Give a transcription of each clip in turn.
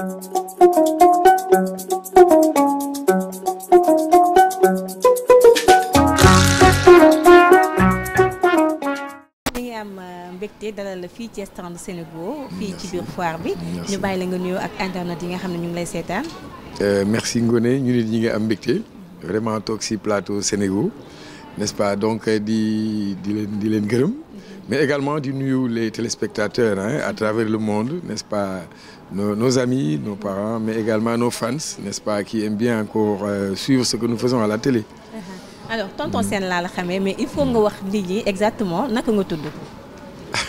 Euh, mbégte dalal la fii ci stand Sénégo fii ci biir foire bi ñu bàyyi la nga nuyoo ak internet yi nga xam ne ñu ngi lay seetaan euh, merci Ngoné ñu nit ñi nga am mbégte vraiment toxi si plateau Sénégo n'est-ce pas donc euh, di di leen di leen gërëm mm-hmm. mais également di nuyu les téléspectateurs hein, à mm-hmm. travers le monde n'est-ce pas nos, nos, amis, nos parents, mais également nos fans, n'est-ce pas, qui aiment bien encore euh, suivre ce que nous faisons à la télé. Uh-huh. alors tonton Sène laa la xamee mais il faut nga wax nit ñi exactement naka nga tudd.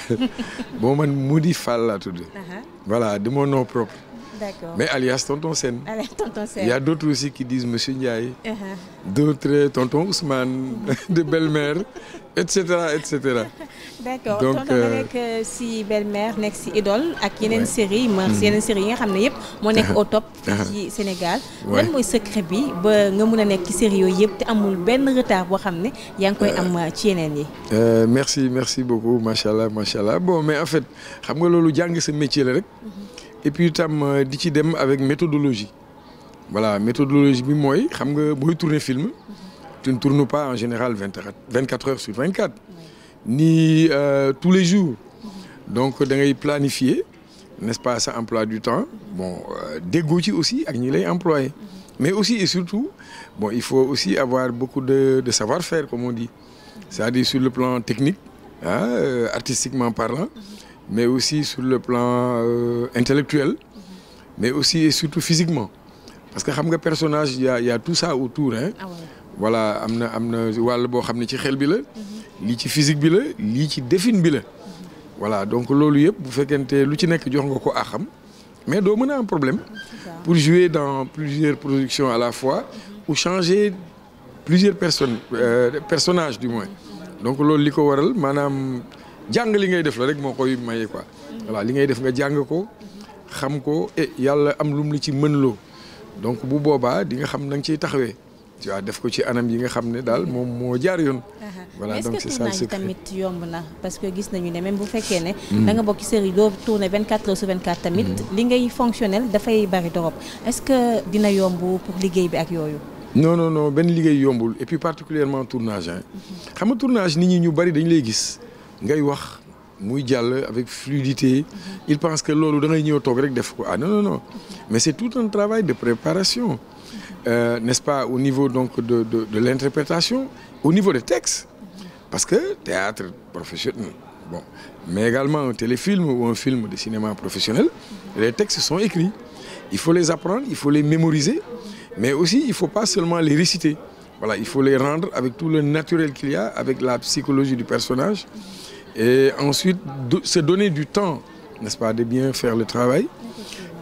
bon man Moudi Fall laa tudd. Uh-huh. voilà de mon nom propre. D'accord. Mais alias Tonton Sen. Alias Tonton Sen. Il y a d'autres aussi qui disent Monsieur Ndiaye. Uh -huh. D'autres Tonton Ousmane, de belle-mère, etc. etc. D'accord. Donc euh, nekk euh, si belle-mère nekk si idole ak yeneen série mm. yeneen série yi nga xam ne yëpp moo nekk otop top. Uh-huh. Uh-huh. Sénégal. lan mooy secret bi ba nga mun a nekk ci série yooyu yëpp te amul benn retard boo xam ne yaa ngi koy am euh, ci yeneen yi. merci merci beaucoup macha allah macha allah bon mais en fait xam nga loolu jàng sa métier la rek. Mm-hmm. et puis tam euh, di ci dem avec méthodologie voilà méthodologie bi mooy xam nga booy tourner film tu ne tournes pas en général vingt vingt quatre heures sur vingt quatre ni euh, tous les jours donc da ngay planifier n'est-ce pas sa emploi du temps bon euh, déggoo ci aussi ak ñi lay employé mais aussi et surtout bon il faut aussi avoir beaucoup de de savoir-faire comme on dit c'est-à-dire sur le plan technique ah artistiquement parlant mais aussi sur le plan euh, intellectuel mais aussi et surtout physiquement parce que xam nga personnage y a y a tout ça autour hein ah voilà am na am na wàll boo xam ne ci xel bi la lii ci physique bi la lii ci défine bi la voilà donc loolu yëpp bu fekkente lu ci nekk jox nga ko a xam mais doo mën a problème pour jouer dans plusieurs productions à la fois ou changer plusieurs personnes euh, personnages du moins donc loolu li ko waral maanaam jàng li ngay def la rek moo koy maye quoi voilà li ngay def nga jàng ko xam ko yàlla am lum li ci mën loo donc bu boobaa di nga xam na nga ciy taxawee tu vois def ko ci anam yi nga xam ne daal moom moo jaar yoon. Uh-huh. voilà donc c'est ça le secret tamit yomb na parce que gis nañu ne même bu fekkee ne. Hmm. da nga bokk ci série doo tourné 24 heures sur 24 tamit. Hmm. li ngay fonctionnel dafay bari trop est-ce que dina yomb pour liggéey bi ak yooyu. non non non benn liggéey yombul et puis particulièrement tournage ah. xam nga tournage nit ñi ñu bari dañu lay gis. ngay wax muy jàll avec fluidité il pense que loolu da ngay ñëw toog rek def ko ah non non non mais c'est tout un travail de préparation euh, n'est-ce pas au niveau donc de de de l'interprétation au niveau des textes parce que théâtre professionnel bon mais également un téléfilm ou un film de cinéma professionnel les textes sont écrits il faut les apprendre il faut les mémoriser mais aussi il faut pas seulement les réciter voilà faut les rendre avec le naturel qu'il y a avec la psychologie du personnage et ensuite se donner du temps n'est-ce pas de bien faire le travail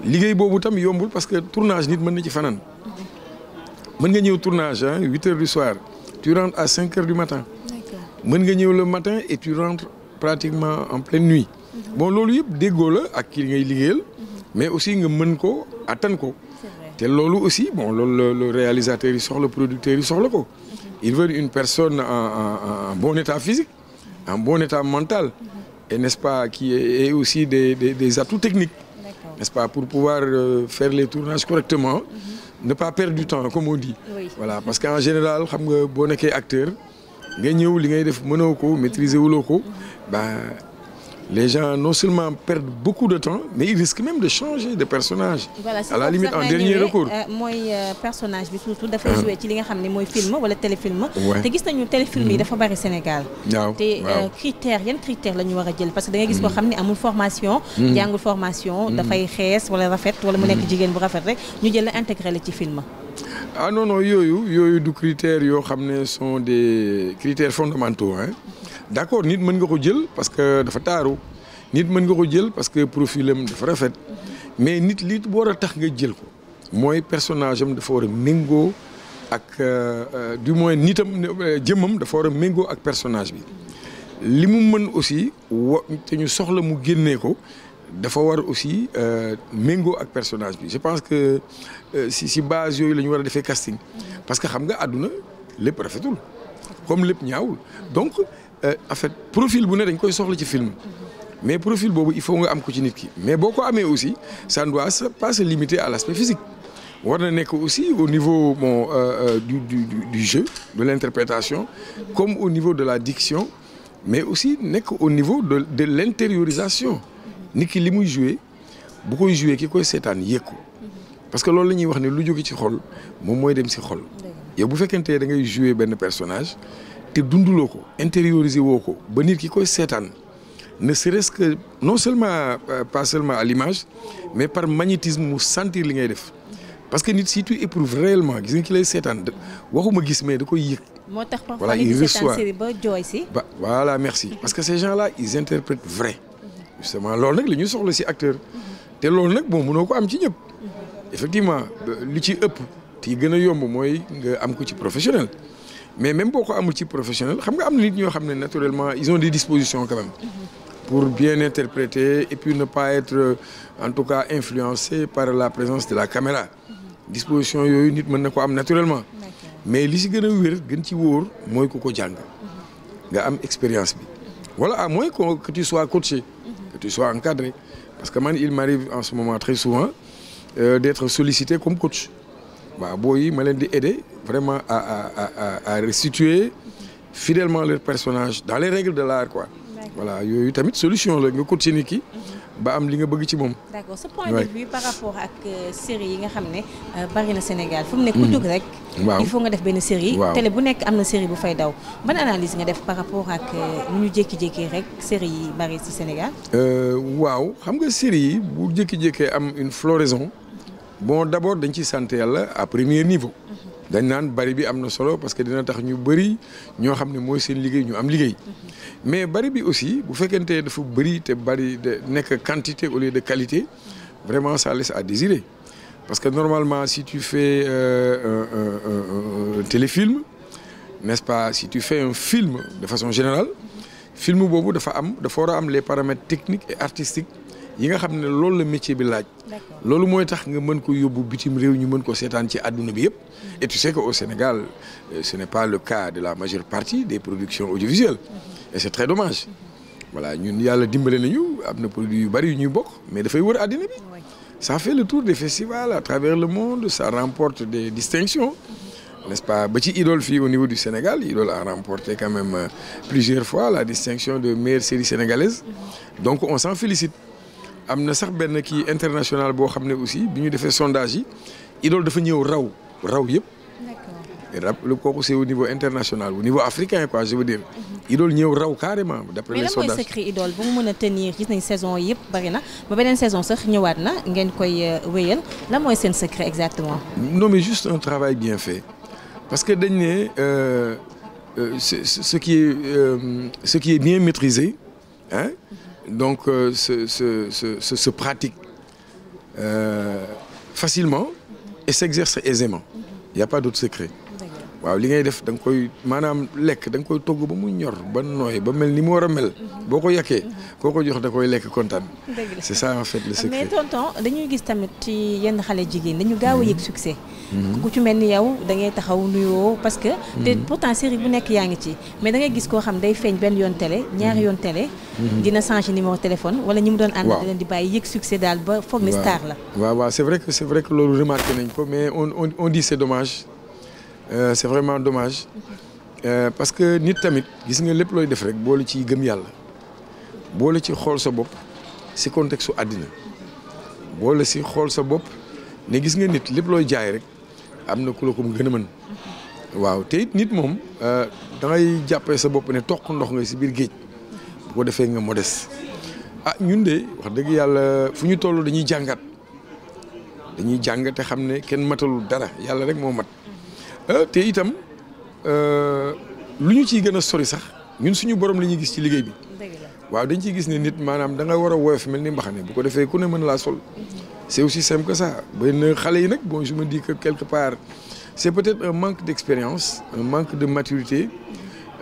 liggéey boobu tam yombul parce que tournage nit mën na ci fanaan mën nga ñëw tournage ah huit heures du soir tu rentres à cinq heures du matin mën nga ñëw le matin et tu rentres pratiquement en pleine nuit mhm. bon loolu yëpp déggoo la ak kii ngay liggéeyal mhm. mais aussi nga mën ko attan ko te loolu aussi bon loolu le réalisateur yi soxla producteur yi soxla ko mhm. il veut une personne en en en bon état physique en bon état mental et n'est-ce pas qui est aussi des, des, des atouts techniques n'est-ce pas pour pouvoir euh, faire les tournages correctement ne pas perdre du temps comme on dit voilà parce qu'en général xam nga boo nekkee acteur nga ñëw li ngay def mënoo ko maîtriser wuloo ko ba les gens non seulement perdent beaucoup de temps mais ils risquent même de changer de personnage. Voilà, à la limite en dernier recours euh, mooy euh, personnage bi surtout dafay ah. joué ci li nga xam ne mooy film wala téléfilm. te gis nañu téléfilm yi mm-hmm. dafa bari Sénégal. waaw te euh, critères yan critères la ñu war a jël parce que da gis koo mm-hmm. xam ne amul formation. Mm-hmm. jàngul formation. dafay xees wala rafet wala mu nekk jigéen bu rafet rek ñu jël la intégré ci film. ah non non yooyu yooyu du critères yoo xam ne sont des critères fondamentaux hein. d'accord nit mën nga ko jël parce que dafa taaru nit mën nga ko jël parce que profil am dafa rafet mais nit li war a tax nga jël ko mooy personnage am dafa war a méngoo ak euh, euh, du moins nitam euh, jëmmam dafa war a méngoo ak personnage bi li mu mën aussi wa te ñu soxla mu génnee ko dafa war aussi méngoo ak personnage bi je pense que si si base yooyu la ñu war a defee casting parce que xam nga àdduna lépp rafetul comme lépp ñaawul donc Euh, en fait profil bu ne dañ koy soxla ci film mais profil boobu il faut nga am ko ci nit ki mais boo ko amee aussi ça ne doit pas se limiter l'aspect physique war na nekk aussi au niveau bon euh, euh du, du du jeu de comme au niveau de la diction mais aussi nekk au niveau de de l'intériorisation nit ki li muy jouer bu koy jouer ki koy seetaan yëg ko parce que loolu la ñuy wax ne lu jóge ci xol moom mooy dem si xol yow bu fekkente da ngay jouer benn personnage te dunduloo ko intérioriser woo ko ba nit ki koy seetaan ne serait-ce que non seulement euh, pas seulement à l'image mais par magnétisme mu sentir li ngay def parce que nit si tu éprouves réellement gis nga ki lay seetaan waxuma gis mais da koy yëg. moo tax voilà il reçoit ba jooy si. ba voilà merci parce que ces gens là ils vrai. justement lool nag la ñuy soxla si acteur. te loolu nag bon mënoo ko am ci ñëpp. effectivement li ci ëpp. te gën a yomb mooy nga am ko ci professionnel. mais même boo ko amul ci professionnel xam nga am na nit ñoo xam ne naturellement ils ont des dispositions quand pour bien interpréter et puis ne pas être euh, en tout cas influencé par la présence de la caméra. disposition yooyu nit mën na ko am naturellement. mais li si gën a wér gën ci wóor mooy ku ko jàng. nga am expérience bi. voilà à moins que que tu sois coaché. que tu sois encadré parce que man il m'arrive en ce moment très souvent euh, d'être sollicité comme coach. waaw booy yi ma leen di aider vraiment à à à à restituer personnage dans les règles de l'art quoi. voilà yooyu tamit solution la nga continuer kii. ba am li nga bëgg ci moom. d'accord ce point de vue par rapport ak euh, série yi nga xam ne euh, bari na Sénégal fu mu nekk ku mm. jóg rek. waaw il faut nga def benn série. waaw télé bu nekk am na série bu fay daw. ban analyse nga def par rapport ak euh, ñu jékki jékki rek série yi bari ci Sénégal. waaw xam nga série yi bu jékki-jékkee am une floraison. bon d' abord dañ ciy sant yàlla à premier niveau. dañ naan bari bi am na solo parce que dina tax ñu bëri ñoo xam ne mooy seen liggéey ñu am liggéey. mais bari bi aussi bu fekkente dafa bëri te bari de nekk quantité au lieu de qualité vraiment ça laisse à désirer parce que normalement si tu fais euh, euh, euh, euh un, un, un, un n'est-ce pas si tu fais un film de façon général film boobu dafa am dafa war a am les paramètres techniques et artistiques. yi nga xam ne loolu la métier bi laaj. loolu mooy tax nga mën ko yóbbu bitim réew ñu mën ko seetaan ci adduna bi yëpp. Mm-hmm. et tu sais que au Sénégal euh, ce n'est pas le cas de la majeure partie des production audiovisuelles. Mm-hmm. et c'est très dommage. Mm-hmm. voilà ñun yàlla dimbale nañu am na produit yu bari yu ñuy bokk mais dafay war àddina bi. ça fait le tour des festivals à travers le monde ça remporte de distinctions. n'est-ce pas ba ci Idole fii au niveau du Sénégal Idole a remporté quand même euh, plusieurs fois la de meilleure série sénégalaise. donc on s'en félicite. am na sax benn kii international boo xam ne aussi bi ñu defee sondage yi Idole dafa ñëw raw raw yëpp. lu kooku c'est au niveau international au niveau africain quoi je veux dire. Mhm. Idole ñëw raw carrément d'après la sondages mais lan mooy secret Idole bu mu mën a tenir gis nañ saison yëpp bari na ba beneen saison sax ñëwaat na ngeen koy euh, wéyal lan mooy seen secret exactement. non mais juste un travail bien fait parce que dañ ne euh, euh ce, ce qui est euh, bien maîtrisé hein. Mhm. donc euh, se, se, se, se, pratique euh, facilement et s'exerce aisément. Il n'y a pas d'autre secret. waaw li ngay def da nga koy maanaam lekk da koy togg ba mu ñor ba nooy ba mel ni mu war a mel. boo ko yàkkee koo ko jox da koy lekk kontaan. c'est ça en fait le secret. mais tamit ci yenn xale jigéen dañu gaaw a yëg succès. Mm-hmm. ci mel ni yow da ngay taxaw nuyoo parce que. Mm-hmm. te pourtant nekk yaa ngi ci mais da gis koo xam day feeñ benn yoon télé ñaari mm-hmm. yoon télé. dina changer numéro téléphone wala ñi mu doon ànd. a leen di bàyyi yëg succès daal ba foog ni star la. waaw waaw c'est vrai que loolu remarqué nañ ko mais on on on dit Euh, c'est vraiment dommage euh, parce que nit tamit gis nga lépp looy def rek boole ci gëm yàlla boole ci xool sa bopp si contexte su àddina boole si xool sa bopp ne gis nga nit lépp looy jaay rek am na ku ko mu gën a mën waaw te it nit moom euh, da ngay jàppee sa bopp ne toq ndox nga si biir géej bu ko defee nga modeste ah ñun de wax dëgg yàlla fu ñu toll dañuy jàngat dañuy jàngate xam ne kenn matalul dara yàlla rek moo mat Euh, te itam euh, lu ñu ciy gën a sori sax ñun suñu borom la ñuy gis ci liggéey bi. waaw dañ ci gis ne nit maanaam da nga war a woyof mel ni mbaxane bu ko defee ku ne mën laa sol. Mhm. c'est aussi simple que sax xale yi nag bon je me dis que quelque part c'est peut-être un manque d'expérience un manque de maturité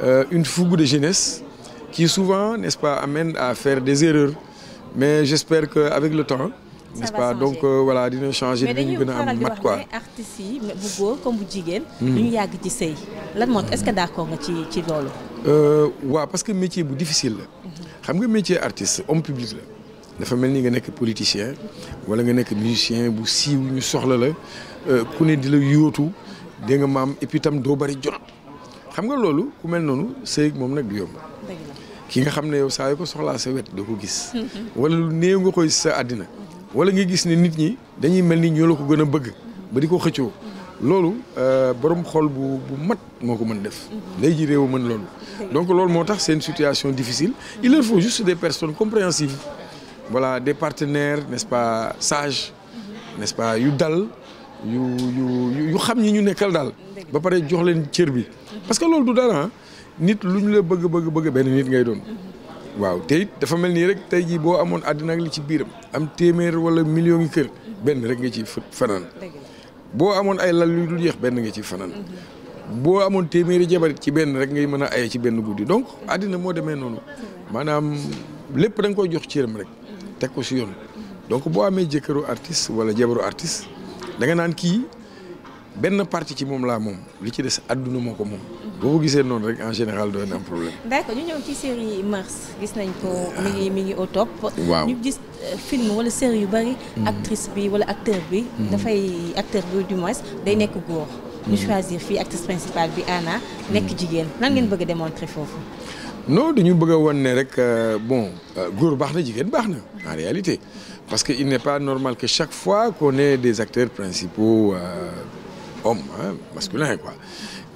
euh, une fougue de jeunesse qui souvent n'est-ce pas amène à faire des erreurs mais j'espère que avec le temps. nest donc euh, voilà dina changer dinañu gën a am mat quoi mais dañuy faral di yi bu comme bu jigéen. Hmm. ñu ngi yàgg ci sëy lan moo est-ce que d'accord nga ci ci loolu. Euh, waaw parce que métier bu difficile la. Hmm. xam nga métier artist homme public la. dafa mel ni nga nekk politicien wala nga nekk musicien bu siiw ñu soxla la euh, ku ne di la yóotu dégg maam et puis tam doo bari jot. xam nga loolu ku mel noonu sëy moom nag du yomb. ki nga xam ne yow saa yu ko soxlaa sa wet doo ko gis. Hmm. wala lu nga koy sa àddina. wala nga gis ne nit ñi dañuy mel ni ñoo la ko gën a bëgg ba di ko xëccoo loolu euh, borom xool bu bu mat moo ko mën def lay ji réew mën loolu donc loolu moo tax seen une situation difficile il leur faut juste des personnes compréhensives voilà des partenaires n'est-ce pas sages nest pas yu dal yu yu xam ñi ñu nekkal daal ba pare jox leen cër bi parce que loolu du dara nit lu ñu la bëgg bëgg bëgg benn nit ngay doon waaw te it dafa mel nii rek tey jii boo amoon àddina ak li ci biiram am téeméer wala million ngi kër benn rek nga ci fanaan boo amoon ay lal yu dul benn nga ci fanaan boo amoon téeméeri jabar ci benn rek ngay mën a aye ci benn guddi donc àddina moo demee noonu maanaam lépp da nga koy jox cëram rek teg ko si yoon donc boo amee jëkkëru artist wala jabaru artist da nga naan kii benn parti ci moom laa moom li ci des àdduna moo ko moom boo ko gisee noonu rek en général doon am problème. d'accord ñu ñëw ci série Mœurs gis nañ ko. mi ngi mi waaw ñu gis euh, film wala série yu bari. Mm. actrice bi wala acteur bi. Mm. dafay acteur bi du moins day nekk góor. ñu mm. choisir fii actrice principale bi Anna nekk jigéen lan ngeen bëgg a démontrer foofu. non dañu bëgg a wan ne rek euh, bon euh, góor baax na jigéen baax na en réalité parce que il n'est pas normal que chaque fois qu'on ait des acteurs principaux euh, hommes hein, quoi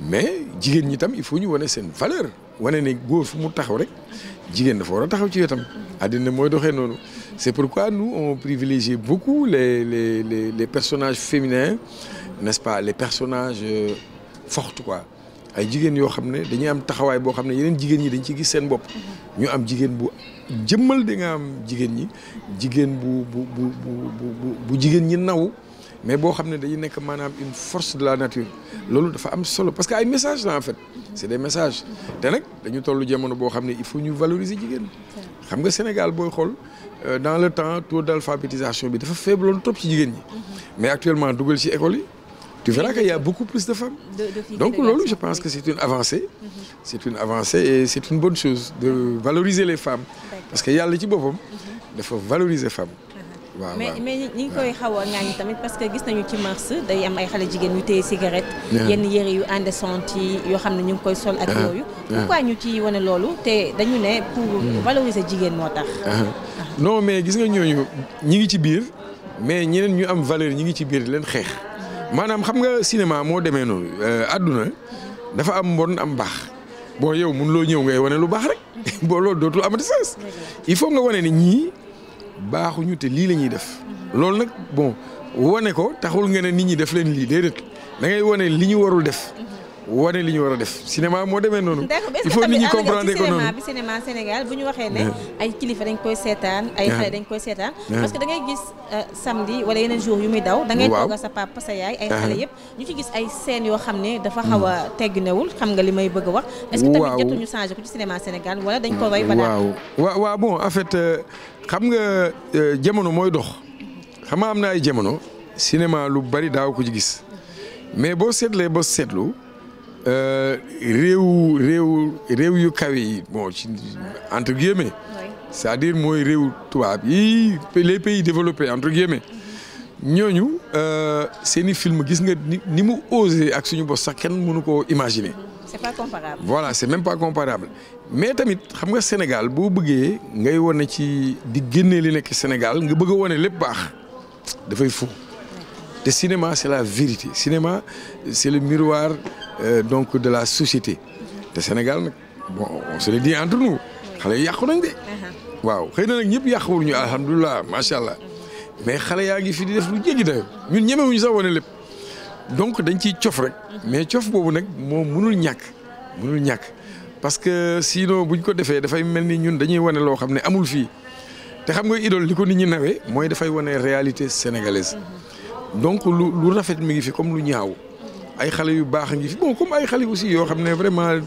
mais jigéen ñi tam il faut ñu wane seen valeur wane ne góor fu mu taxaw rek jigéen dafa war a taxaw ci wetam. àddina mooy doxee noonu c'est pourquoi nous on privilégie beaucoup les les les les personnages féminins n'est-ce pas les personnages euh, fortes quoi ay jigéen yoo xam ne dañuy am taxawaay boo xam ne yeneen jigéen ñi dañ ci gis seen bopp. ñu am jigéen bu jëmmal di nga am jigéen ñi jigéen bu bu bu bu bu jigéen ñi naw. mais boo xam ne dañuy nekk maanaam une force de la nature loolu dafa am solo parce que ay message la en fait c'est des message te nag dañu tollu jamono boo xam ne il faut ñu valoriser jigéen xam nga Sénégal booy xool euh, dans le temps taux d'alphabétisation bi dafa faibloon trop ci jigéen ñi mm-hmm. mais actuellement dugal ci école yi tu verras qu'il y a beaucoup loolu je pense que c'est une avancée mm-hmm. c'est une et c'est une bonne chose les femmes parce que yàlla ci boppam mm-hmm. dafa valoriser femmes waaw mais mais ñi ngi koy xaw a ŋaañ tamit parce que gis nañu ci mars day am ay xale jigéen yu téye cigarette. yenn yére yu indécent yi yoo xam ne ñu ngi koy sol ak uh-huh. yooyu. Uh-huh. pourquoi ñu ci wane loolu te dañu ne pour hmm. valoriser jigéen moo tax. Uh-huh. Ah. non mais gis nga ñooñu ñu ngi ci biir mais ñeneen ñu am valeur ñu ngi ci biir di leen xeex maanaam xam nga cinéma moo demee noonu euh, àdduna dafa am mbon am baax. bon yow mun loo ñëw ngay wane lu baax rek boo loolu dootul amati sens il faut nga ñii baaxuñu te lii la ñuy def. loolu nag bon wane ko taxul nga ne nit ñi def leen lii déedéet da ngay wane li ñu warul def. wane li ñu war a def cinéma moo demee noonu. il faut nit ñi comprendre ko noonu bi cinéma Sénégal bu ñu waxee ne. ay kilifa dañ koy seetaan ay xale dañ koy seetaan. parce que da ngay gis euh, samedi wala yeneen jour yu muy daw. da ngay tooga sa papa sa yaay ay xale yëpp. ñu ci gis ay scènes yoo xam ne dafa xaw a mm. tegginewul xam nga li may bëgg a wax. est-ce que changé ko ci cinéma Sénégal wala dañ ko roy ba waaw waaw waaw bon en fait euh, xam nga euh, jamono mooy dox. xam am na ay jamono cinéma lu bari daaw ko ci gis mais boo seetlee ba seetlu Euh, réew réew réew yu kawe yi bon entre guillemets c'est-à-dire mooy réew tubaab yi les pays développés entre guillemets ñooñu euh, seeni film gis nga ni mu osé ak suñu bopp sax kenn mënu koo imaginer. c'est pas comparable. voilà c'est même pas comparable mais tamit xam nga Sénégal boo bëggee ngay wone ci di génnee li nekk Sénégal nga bëgg a wane lépp baax dafay fou te cinéma c'est la vérité cinéma c'est le miroir. Euh, donc de la société te Sénégal nag bon on se le dit entre nous xale yàqu nañ de. Uh-huh. waaw xëy na nag ñëpp yàquwul ñu alhamdulilah macha allah mais xale yaa ngi fi di def lu jéggi dayo ñun ñemewuñu sax wane lépp donc dañ ciy cof rek mais cof boobu nag moom mënul ñàkk mënul ñàkk parce que sinon buñ ko defee dafay mel ni ñun dañuy wane loo xam ne amul fii te xam nga idool li ko nit ñi nawee mooy dafay wane réalité sénégalaise mm-hmm. donc lu lu rafet mi ngi fi comme lu ñaaw. ay xale yu baax a ngi fi bon comme ay xale aussi yoo xam ne vraiment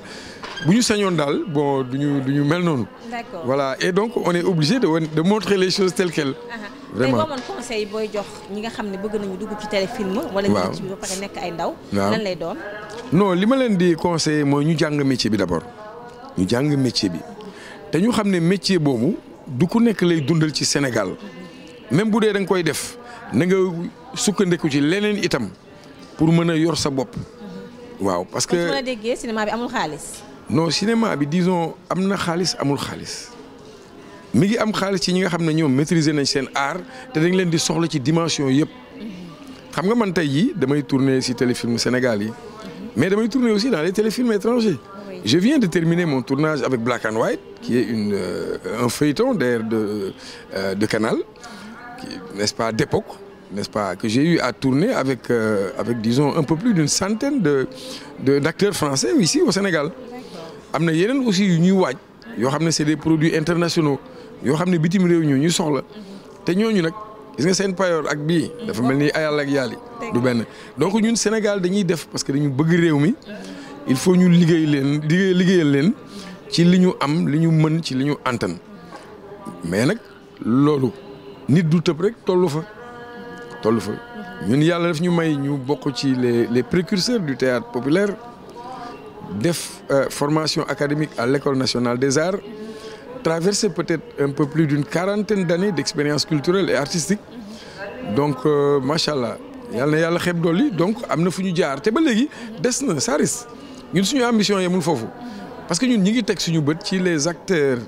bu ñu señoon daal boo du ñu du ñu mel noonu. d'accord voilà donc on est obligé de de montrer les choses telles quelles. Ah ah. vraiment tey boo conseil booy jox ñi nga xam ne bëgg nañu dugg ci téléfilm. wala ñu ci ba pare nekk ay ndaw. lan lay doon. non li ma leen di conseil mooy ñu jàng métier bi d'abord ñu jàng métier bi te ñu xam ne métier boobu du ku nekk lay dundal ci Sénégal même bu dee da nga koy def na nga sukkandiku ci leneen itam. pour mën a yor sa bopp. Mm-hmm. waaw parce que kon déggee cinéma bi amul xaalis. non cinéma bi disons am na xaalis amul xaalis mi ngi am xaalis ci ñi nga xam ne ñoom maîtriser nañ seen art te dañ leen di soxla ci dimension yëpp. Mm-hmm. xam nga man tey jii damay tourner si téléfilm Sénégal yi mm-hmm. mais damay tourner aussi dans les téléfilms étrangers. Je viens de terminer mon tournage avec Black and White, qui est une, euh, un feuilleton d'air de euh, canal, n'est-ce pas, d'époque, n'est-ce pas, que j'ai eu à tourner avec, euh, avec disons, un peu plus d'une centaine de, d'acteurs français si o Sénégal. am na yeneen aussi yu ñuy waaj yoo xam ne c'est des produits internationaux yoo xam ne bitim réew ñu ñu soxla mhm. te ñooñu nag gis seen payoor ak bii dafa mel ni ayal ak yàlli du benn donc ñun Sénégal dañuy def parce que dañu bëgg réew mi mhm. il faut ñu liggéey leen liggéey liggéeyal leen ci li ñu am li ñu mën ci li ñu antan mais nag loolu nit du tëb rek tollu fa toll fa ñun yàlla daf ñu may ñu bokk ci les les précurseurs du théâtre populaire def euh, formation académique à l'école nationale des arts traversé peut-être un peu plus d'une quarantaine d'années d'expérience culturelle et artistique donc euh, macha allah yàlla na yàlla xeeb dolli donc am na fu ñu jaar te ba léegi des na saris ñun suñu ambition yemul foofu parce que ñun ñi ngi teg suñu bët ci les acteurs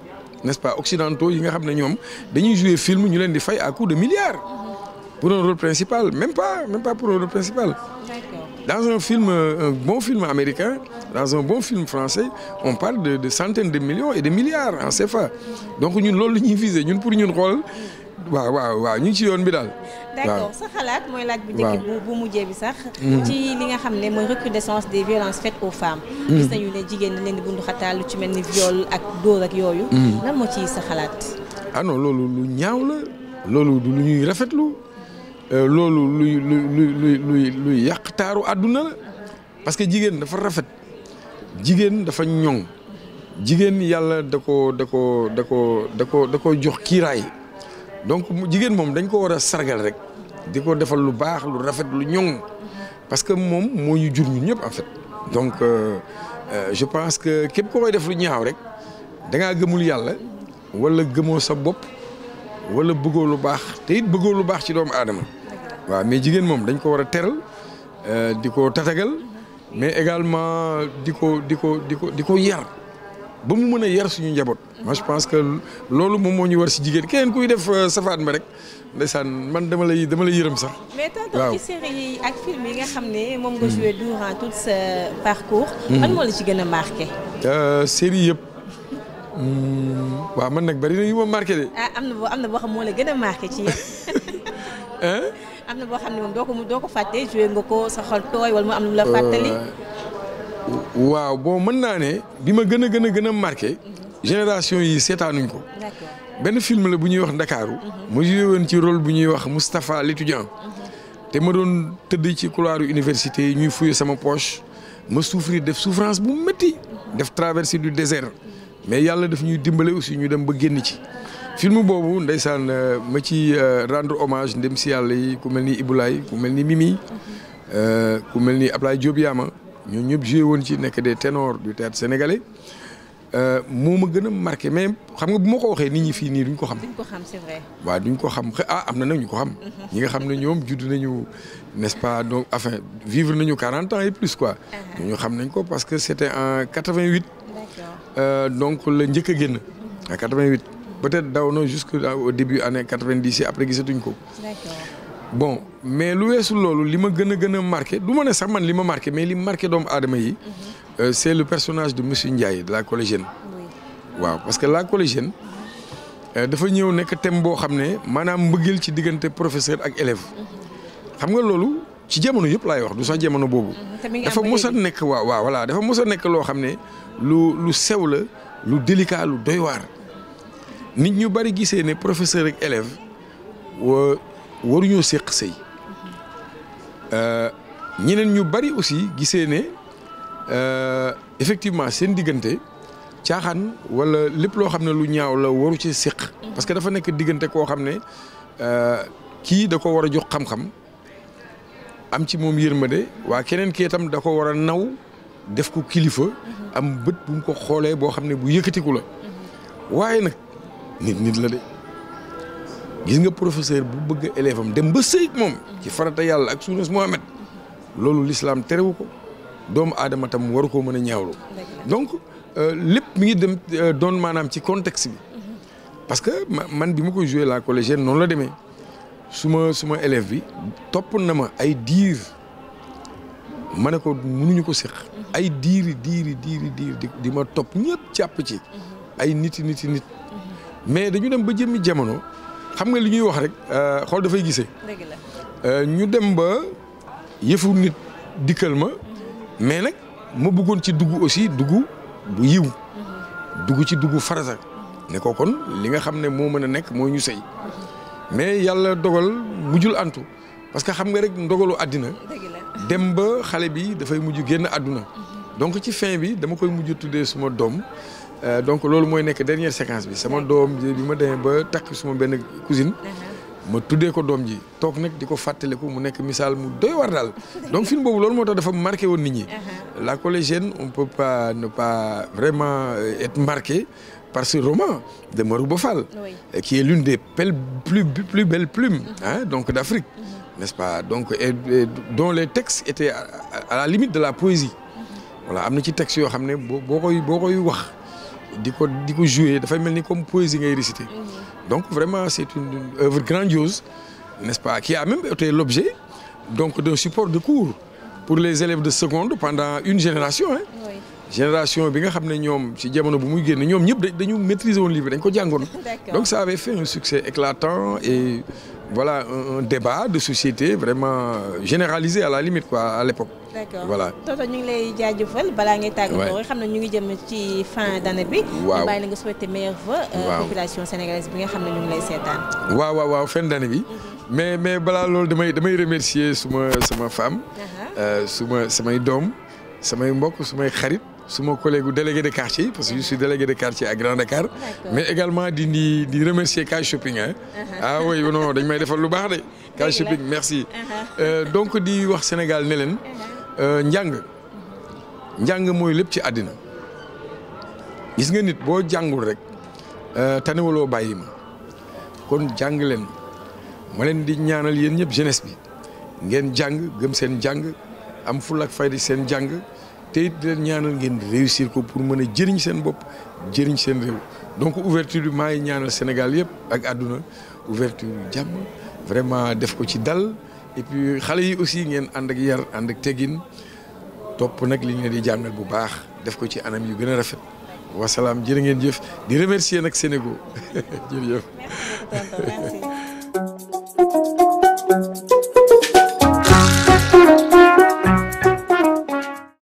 n'est-ce pas occidentaux yi nga xam ne ñoom dañuy jouer film ñu leen di fay à coup de pour un rôle principal même pas même pas pour un rôle principal. dans un film euh, un bon film américain dans un bon film français on parle de de de millions et de milliards en CFA donc ñun loolu la ñuy viser ñun pour ñun xool waaw waaw waaw ñu ngi ci yoon bi daal. d'accord sa xalaat mooy laaj bu njëkk bu bu mujjee bi sax. Mm. ci li nga xam ne mooy recrudescence des violences faites aux femmes. Mm. gis nañu ne jigéen ñi leen di bundu xataal lu ci mel ni viol ak dóor ak yooyu. Mm. lan moo ci sa xalaat. Ah loolu ñaaw la loolu du lu Euh, loolu luy luy luy luy luy yàq taaru àdduna la parce que jigéen dafa rafet jigéen dafa ñoŋ jigéen yàlla da ko da ko da ko da ko da ko jox kiiraay donc jigéen moom dañ ko war a sargal rek di ko defal lu baax lu rafet lu ñoŋ parce que moom moo ñu jur ñun ñëpp en fait donc euh, euh, je pense que képp ko koy def lu ñaaw rek da ngaa gëmul yàlla wala gëmoo sa bopp wala bëggoo lu baax te it bëggoo lu baax ci doomu aadama waaw mais jigéen moom dañ ko war a teral euh, di ko tatagal mais également di ko di ko di ko di ko yar ba mu mën a yar suñu njaboot. ma je pense que loolu moom moo ñuy war si jigéen keneen kuy def euh, safaat ma rek ndeysaan man dama lay dama lay yërëm sax. waaw mais tantôt ci série yi ak film yi nga xam ne moom nga hmm. joué durant tout ce parcours. Hmm. lan moo la ci gën a marqué. Euh, série yëpp. waaw man nag bari nañu yu ma marqué de. Ah, am na boo am na boo xam moo la gën a marqué ci yéen. am na boo xam ne moom doo ko fàtte joué nga ko sa xol tooy wala mu am lu la fàttali. Euh, waaw bon mën naa ne bi ma gën a gën a gën a marqué. Mhm. génération yi seetaanuñ ko. benn film la bu ñuy wax Ndakaaru. Mhm. ma joué woon ci role bu ñuy wax Moustapha l'étudiant. Mhm. te ma doon tëdd ci couloiru université ñuy fuye sama poche ma souffrir def souffrance bu métti. def traversée du désert. mais yàlla daf ñuy dimbale aussi ñu dem ba génn ci film boobu ndeysaan euh, ma ci euh, rendre hommage ndem si yàlla yi ku mel ni Ibulaay ku mel ni Mimi euh, ku mel ni Ablaye Diop Yaama ñoo ñëpp joué woon ci nekk des ténors du théâtre sénégalais moo ma gën a marqué mais xam nga bu ma ko waxee nit ñi fii nii duñ ko xam. duñ duñ ko xam ah am na nag ñu ko xam. Mhm. ñi nga xam ne ñoom judd nañu n'est-ce pas donc enfin vivre nañu 40 ans et plus quoi. Ah. ñu xam nañ ko parce que c'était en 88. Euh, donc la njëkk a génn. à 88 peut-être daw na jusque au début année 90 après gisatuñ ko. bon mais lu weesu loolu li ma gën a gën a marqué du ma ne sax man li ma marqué mais li marqué doomu aadama yi. Mhm. Euh, c'est le personnage de monsieur Ndiaye de la collégienne. waaw parce que la collégienne euh, dafa ñëw nekk thème boo xam ne maanaam mbëggeel ci diggante professeur ak élève mhm. xam nga loolu ci jamono yëpp laay wax du sax jamono boobu. Mhm, dafa mos a nekk waaw waaw nekk loo xam ne lu lu sew la lu délicat lu doy waar. nit ñu bari gisee ne professeur ak élève waruñoo séq sëy euh, ñeneen ñu bari aussi gisee ne euh, effectivement seen diggante caaxaan walla lépp loo xam ne lu ñaaw la waru ci séq. Mhm. parce que dafa nekk diggante koo xam ne euh, kii da ko war a jox xam-xam. am ci moom ma de waa keneen ki itam da ko war a naw def ko kilifa mhm. am bët bu mu ko xoolee boo xam ne bu yëkkatiku la mhm. waaye nag nit nit la de gis nga professeur bu bëgg élève am dem ba sëy moom mhm. ci farata yàlla ak suunas Mohamed loolu lislaam terewu ko doomu aadama tam waru koo mën a ñaawlu donc euh, lépp mu ngi dem euh, doon maanaam ci contexte bi parce que man bi ma koy joue la collégienne noonu la demee suma suma élève bi topp na ma ay diir ma ne ko mënuñu ko séq mhm. ay diiri diiri diiri diir di ma topp ñëpp jàpp ci mhm. ay nit niti nit mhm. mais dañu dem ba jëmmi jamono xam nga li ñuy wax rek euh, xool dafay gisee euh, ñu dem ba yëfu nit dikkal ma mais nag ma buggoon ci dugg aussi dugg bu yiw dugg ci dugg farata ne ko kon li nga xam ne moo mën a nekk mooy ñu sëy mais yàlla dogal mujjul antu parce que xam nga rek ndogalu àddina dem ba xale bi dafay mujj génn adduna donc ci fin bi dama koy mujj tuddee suma doom euh, donc loolu mooy nekk dernier séquence bi sama doom bi ma demee ba takk suma benn cousine uh-huh. ma tuddee ko doom ji toog nag di ko ku mu nekk misaal mu doy war daal donc film boobu loolu moo tax dafa marqué woon nit ñi uh-huh. la collégienne on peut pas ne pas vraiment euh, être marqué parce que roman de Morou Bofal, oui. Euh, qui est l'une des plus, plus, plus, belles plumes mhm. hein, donc d'Afrique, mhm. n'est-ce pas donc, et, et, dont les textes étaient à, la limite de la poésie. Mhm. voilà am na ci textes yoo xam ne boo boo koy boo koy wax di ko di jouer dafay mel ni comme poésie ngay réciter. donc vraiment c'est une, une œuvre grandiose n'est-ce pas qui a même été l'objet donc d'un support de cours pour les élèves de seconde pendant une génération génération bi nga xam ne ñoom ci jamono bu muy génn ñoom ñëpp dañu maîtriser woon livre dañ ko jàngoon donc ça avait fait un succès éclatant et voilà un, un débat de société vraiment généralisé à la limite quoi à l'époque d'accord Toto ñu ngi lay jaajëfal balaa ngay tàggatoo xam ne ñu ngi jëm ci fin d'année bi. waaw ñu bàyyi la nga euh, bi nga xam ne ñu ngi lay waaw waaw waaw fin bi. Mm-hmm. mais mais balaa loolu damay damay remercier suma sama femme. Uh-huh. Euh, suma samay doom samay mbokk sumay xarit. suma collègue délégué de quartier parce que je suis délégué de quartier à Grand Dakar. mais également di di di remercier Cash Shopping ah. ah oui non dañ may defal lu baax de. Cash Shopping merci. Uh-huh. Euh, donc di wax Sénégal ne leen. Uh-huh. Euh, njàng. njàng mooy lépp ci àddina. gis nga nit boo jàngul rek. Euh, tanewaloo bàyyi ma. kon jàng leen ma leen di ñaanal yéen ñëpp jeunesse bi ngeen jàng gëm seen jàng am ful ak di seen jàng. te it di leen ñaanal ngeen réussir ko pour mën a jëriñ seen bopp jëriñ seen réew donc ouverture bi maa ngi ñaanal Sénégal yëpp ak àdduna ouverture yu jàmm vraiment def ko ci dal et puis xale yi aussi ngeen ànd ak yar ànd ak tegin topp nag li ñu di jàngal bu baax def ko ci anam yu gën a rafet wasalaam jërë ngeen jëf di remercier nag Sénégal jërëjëf.